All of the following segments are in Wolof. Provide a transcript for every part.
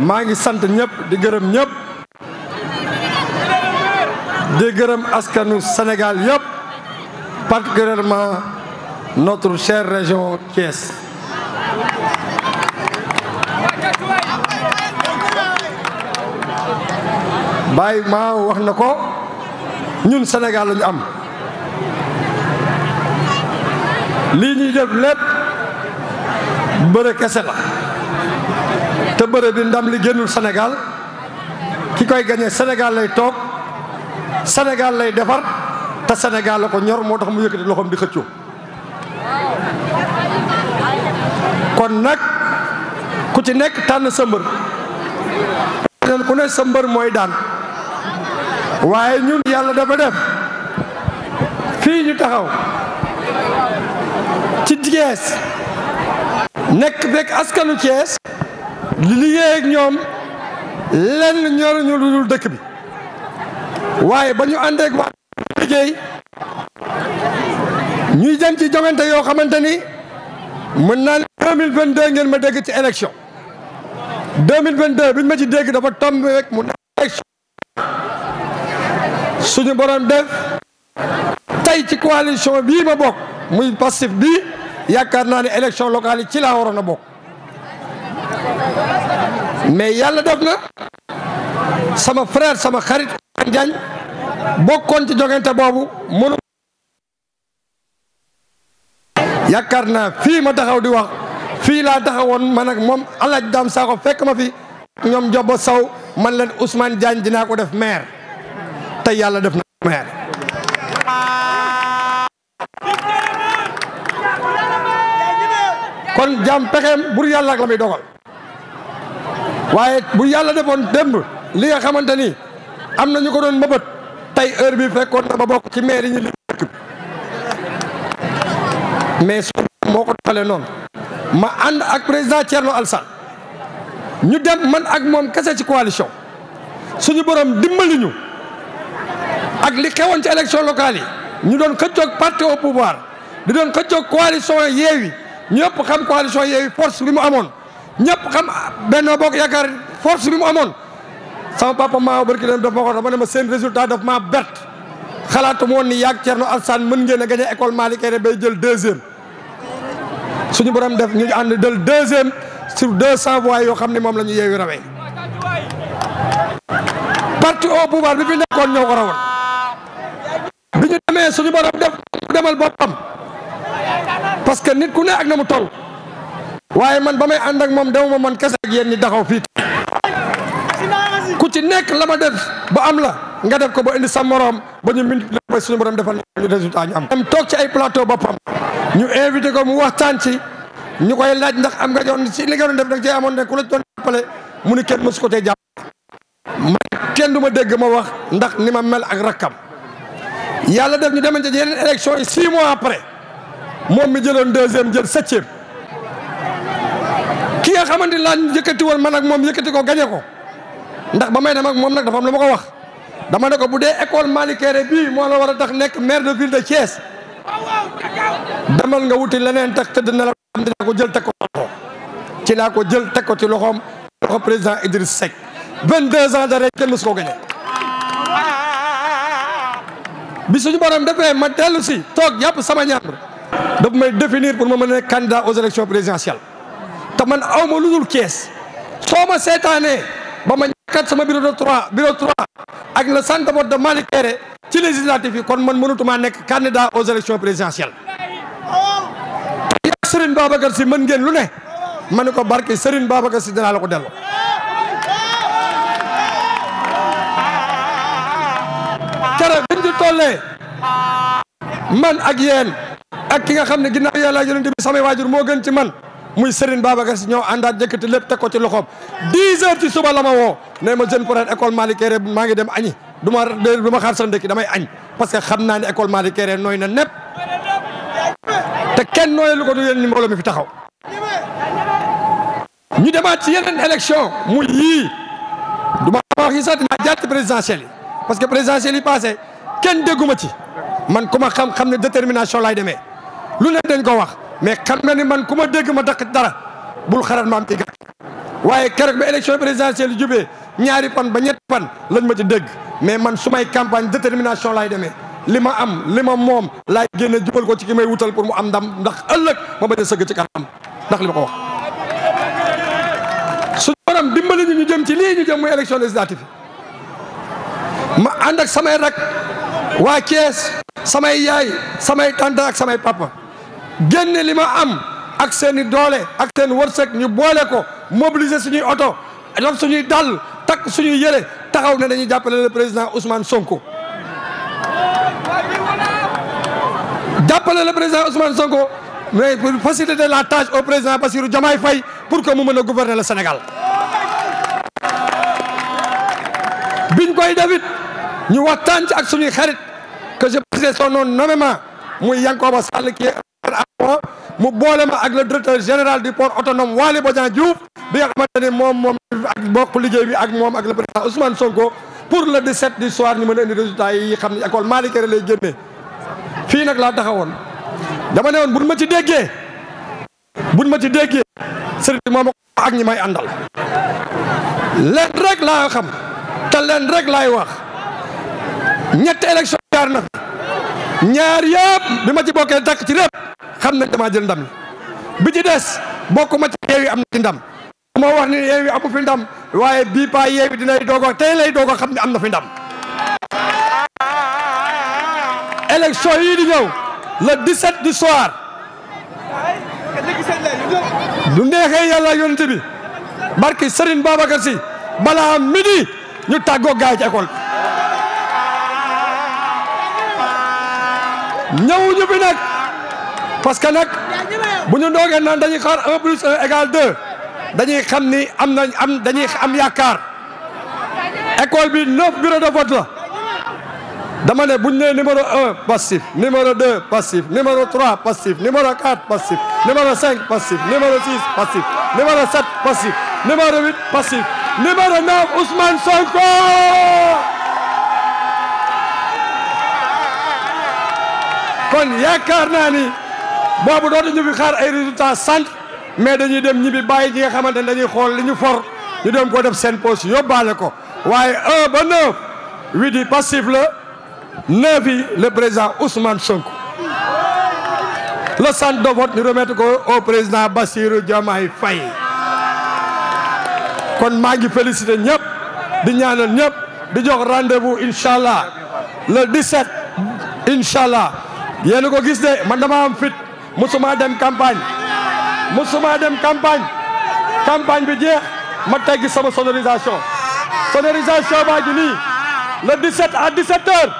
maa ngi sant ñëpp di gërëm ñëpp di gërëm askanu Sénégal yëpp particulièrement notre chère région Thiès Baye maa wax na ko ñun Sénégal la ñu am li ñuy def lépp bëre kese bëre bi ndam li génnul Sénégal ki koy gañee Sénégal lay toog Sénégal lay defar te Sénégal la ko ñor moo tax mu yëkkati loxo di xëccoo kon nag ku ci nekk tànn sa mbër ku ne sa mbër mooy daan waaye ñun yàlla dafa def fii ñu taxaw ci Thiès nekk fekk askanu Thiès li liggéey ak ñoom lenn ñoruñu lu dul dëkk bi waaye ba ñu ànd ak waa liggéey ñuy dem ci joŋante yoo xamante ni mën naa ne deux vingt deux ngeen ma dégg ci élection deux mille vingt deux biñ ma ci dégg dafa tombé rek mu suñu borom def tey ci coalition bii ma bokk muy passif bi yaakaar naa ne élection locale yi ci laa waroon a bokk. mais yàlla def na sama frère sama xarit Diagne bokkoon ci jogante boobu mënu yaakaar naa fii ma taxaw di wax fii laa taxawoon ma nag moom alaaj daam saako fekk ma fi ñoom jobo saw man leen Ousmane Diagne dinaa ko def maire te yàlla def na maire kon jaam pexeem bur yàlla la muy dogal waaye bu yàlla defoon démb li nga xamante ni am na ñu ko doon mëbët tey heure bi fekkoon na ba bokk ci maire yi ñu li mais su moo ko doxalee noonu ma ànd ak président Thierno Alassane ñu dem man ak moom kese ci coalition suñu borom dimbali ñu ak li xewoon ci élection locale yi ñu doon xëccoog parti au pouvoir di doon xëccoog coalition Yewwi ñëpp xam coalition Yewwi force bi mu amoon ñëpp xam benn Bokk Yaakaar force bi mu amoon sama papa maa barki dem dafa waxoon ba ne ma seen résultat daf maa bet xalaatu moon ni yaag Thierno Alassane mën ngeen a gagné école Malick Kéré bay jël deuxième suñu borom def ñu ànd jël deuxième sur deux cent voix yoo xam ne moom la ñu yeewi rawee parti au pouvoir bi fi nekkoon ñoo ko rawoon bi ñu demee suñu borom def demal boppam parce que nit ku ne ak na mu toll waaye man ba may ànd ak moom dama man kese ak yéen ñi taxaw fii ku ci nekk la ma def ba am la nga def ko ba indi sa moroom ba ñu mën ba suñu borom defal ñu résultat ñu am. dem toog ci ay plateau boppam ñu invité ko mu waxtaan ci ñu koy laaj ndax am nga yoon ci li nga doon def nag cee amoon rek ku la doon jàppale mu ni kenn mësu ko tee jàpp kenn du ma dégg ma wax ndax ni ma mel ak rakkam yàlla def ñu demante ci yeneen élection yi six mois après moom mi jëloon deuxième jël septième. ki nga xamante ni laa ñu yëkkati woon moom yëkkati ko gañe ko ndax ba may dem ak moom nag dafa am lu ma ko wax dama ne ko bu dee école Malick Kéré bii moo la war a tax nekk maire de ville de Thiès demal nga wuti leneen tax tëdd na la am dinaa ko jël teg ko ci laa ko jël teg ko ci loxoom loxo président Idriss Seck vingt-deux ans dara kenn mësu koo gañe bi suñu borom defee ma dellu si toog yàpp sama ñaar daf may définir pour ma mën a nekk candidat aux élections présidentielles te man aw ma lu dul kees soo ma seetaanee ba ma ñàkkat sama bureau de trois bureau trois ak le centre vote de Malick ci législatif yi kon man mënutuma nekk candidat aux élections présidentielles yaa Serigne Babacar Sy man ngeen lu ne ma ne ko barke Serigne Babacar Sy dinaa la ko delloo kere biñ ci man ak yéen ak ki nga xam ne ginnaaw yàlla yonent bi samay waajur moo gën ci man muy Serigne Babacar si ñëw àndaat njëkkati lépp teg ko ci loxoom 10 heures ci suba la ma woo ne ma jeune parrain école Malick Kéré maa ngi dem añi du ma ma xaar sa ndëkki damay añ parce que xam naa ne école Malick Kéré nooy na nepp te kenn nooyee lu ko du yéen ni mbooloo mi fi taxaw. ñu demaat ci yeneen élection mu yii du ma wax yi sax dinaa jàtt présidentielle yi parce que présidentielle yi passé kenn dégguma ci man ku ma xam-xam ne détermination laay demee lu ne dañ ko wax. mais xam nga ni man ku ma dégg ma dakk dara bul xarat ma am ci gàtt waaye keroog ba élection présidentielle jubee ñaari fan ba ñett fan lañ ma ci dégg mais man su may campagne détermination lay demee li ma am li ma moom laay génne jubal ko ci ki wutal pour mu am ndam ndax ëllëg ma bañ a sëgg ci kanam ndax li ma ko wax su borom dimbali ñu ñu jëm ci lii ñu jëm muy élection législative ma ànd ak samay rak waa Thiès samay yaay samay tante samay papa génne li ma am ak seeni doole ak seen wërsëg ñu boole ko mobiliser suñuy oto daf suñuy dàll takk suñuy yële taxaw ne dañuy jàppale le président Ousmane Sonko. jàppale le président Ousmane Sonko mais pour faciliter la tâche au président Bassirou Diomaye Faye pour que mu mën a gouverner la Sénégal. biñ koy dafit ñu waxtaan ci ak suñuy xarit que je précise son nom nommément muy Yankoba Sall ki mu boole ma ak le directeur général du port autonome Waly Bodian Diouf bi nga xamante moom moom ak bokk liggéey bi ak moom ak la président Ousmane Sonko pour le 17 du soir ñu mën a indi résultat yi xam ne école Malick Kéré lay génnee fii nag laa taxawoon dama ne woon buñ ma ci déggee buñ ma ci déggee sëriñ bi moom ak ñi may àndal leen rek laa xam te leen rek laay wax ñetti élection jaar na ñaar yëpp bi ma ci bokkee takk ci lépp xam na damaa jël ndam bi ci des bokk ma ci yeewi am na ci ndam moo wax ni yeewi amu fi ndam waaye bii paa yeewi dinay doogo tey lay doogo xam ne am na fi ndam élection yii di ñëw le 17 du soir du neexee yàlla yonent bi barki Serigne Babacar Sy balaa midi ñu tàggoo gaay ci école ñëwuñu fi nag parce que nag bu ñu doogee naan dañuy xaar un plus un égale deux dañuy xam ni am nañ am dañuy am yaakaar école bi neuf bureau de vote la dama ne bu ñu nee numéro un passif numéro deux passif numéro trois passif numéro quatre passif numéro cinq passif numéro six passif numéro sept passif numéro huit passif numéro neuf Ousmane Sonko kon yaakaar naa ni boobu dootuñu fi xaar ay résultats sant mais dañuy dem ñibbi bàyyi ñi nga xamante ne dañuy xool li ñu for ñu dem ko def seen poche yóbbaale ko waaye un ba neuf huit yi passif la neuf yi le président Ousmane Sonko le sant de vote ñu remettre ko au président Bassirou Diomaye fay kon maa ngi félicité ñëpp di ñaanal ñëpp di jox rendez-vous incha allah le 17 incha allah yéen ko gis de man dama am fit musuma dem campagne musuma dem campagne campagne bi jeex ma teggi sama sonorisation sonorisation baa ngi nii le à 17 heures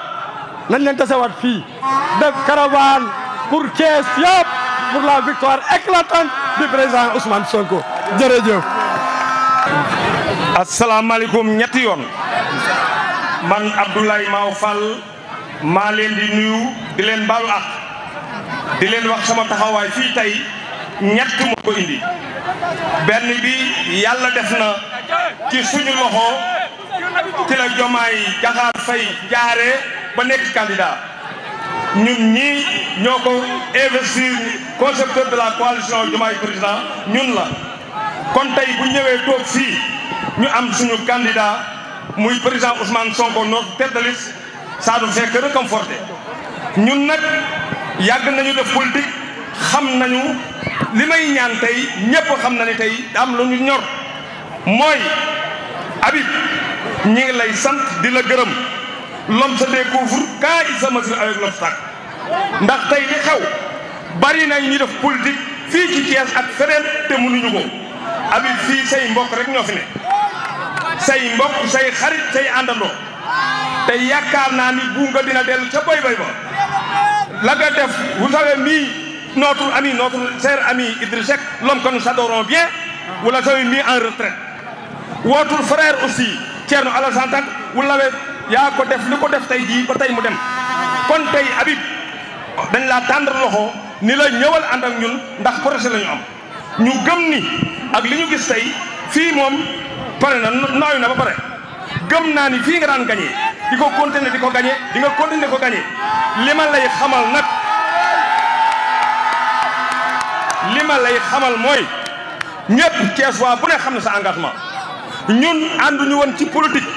nañ leen tasewaat fii def caravane pour Thiès yëpp pour la victoire éclatante du président Ousmane Sonko jërëjëf. asalaamaaleykum ñetti yoon man Abdoulaye Maw Fall. maa leen di nuyu di leen baalu ak di leen wax sama taxawaay fii tey ñett moo ko indi benn bi yàlla def na ci suñu loxo ci la jomaay jaxaar fay jaare ba nekk candidat ñun ñii ñoo ko investir concepteur de la coalition jomaay président ñun la kon tey bu ñëwee toog fii ñu am suñu candidat muy président Ousmane Sonko notre tête ça nous fait que réconforter ñun nag yàgg nañu def politique xam nañu li may ñaan tey ñëpp xam na ne tey am lu ñu ñor mooy Habib ñi ngi lay sant di la gërëm l'homme se découvre quand il se mesure avec l'obstacle ndax tey li xew bari nañ ñu def politique fii ci Thiès ak feneen te mënuñu ko Habib fii say mbokk rek ñoo fi ne say mbokk say xarit say àndandoo tey yaakaar naa ni buunga dina dellu ca boy boy ba la def vous tawee mi nootul ami notre cher ami Idriss Seck l'homme que nous adorons bien vous l'avez mis en retraite votre frère aussi Thierno Alassane Tall vous l'avez yaa ko def li ko def tey jii ba tey mu dem kon tey Habib dañ laa tendre loxo ni la ñëwal ànd ak ñun ndax projet la ñu am ñu gëm ni ak li ñu gis tey fii moom pare na nooyu na ba pare gëm naa ni fii nga daan gañee di ko continuer di ko gañee di nga continuer ko gañee li ma lay xamal nag li ma lay xamal mooy ñëpp Cees waa bu ne xam ne sa engagement ñun ànduñu woon ci politique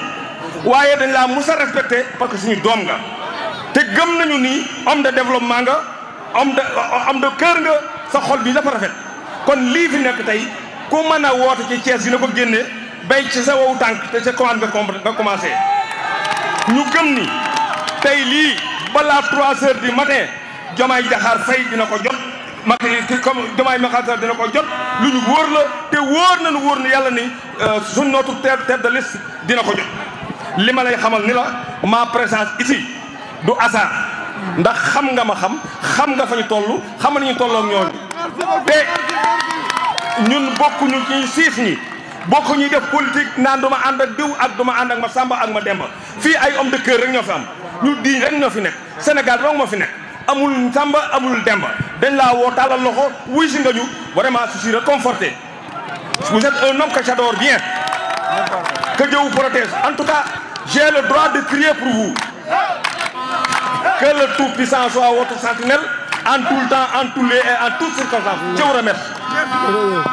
waaye dañ laa mus a respecté parce que suñu doom nga te gëm nañu nii homme de développement nga homme de homme de cœur nga sa xol bi dafa rafet kon lii fi nekk tey ku mën a woote ci Cees dina ko génnee bay ci sa wowu tànk te ca commande nga commencé ñu gëm ni tey lii balaa trois heures du matin jomaay jaxaar fay dina ko jot matériel comme jomaay maxaar dina ko jot lu ñu wóor la te na nañu wóor na yàlla ni euh, suñ nootu tête tête de liste dina ko jot li ma lay xamal ni la ma présence ici du hasard ndax xam nga ma xam xam nga fa ñu toll xam nañu tolloo ak ñooñu te ñun bokkuñu ci siis ñi bokk ñuy def politique naan du ma ànd ak diw ak du ma ànd ak ma sàmba ak ma demba fii ay homme de rek ñoo fi am ñu diiñ rek ñoo fi nekk Sénégal dong moo fi nekk amul sàmba amul demba dañ la woo tàllal loxo wuy si nga ñu vraiment je suis réconforté vous êtes un homme que j'adore bien que protège en tout cas j'ai le droit de crier pour vous que le Tout-Puissant soit votre sentinelle en tout le temps en tous les et en toutes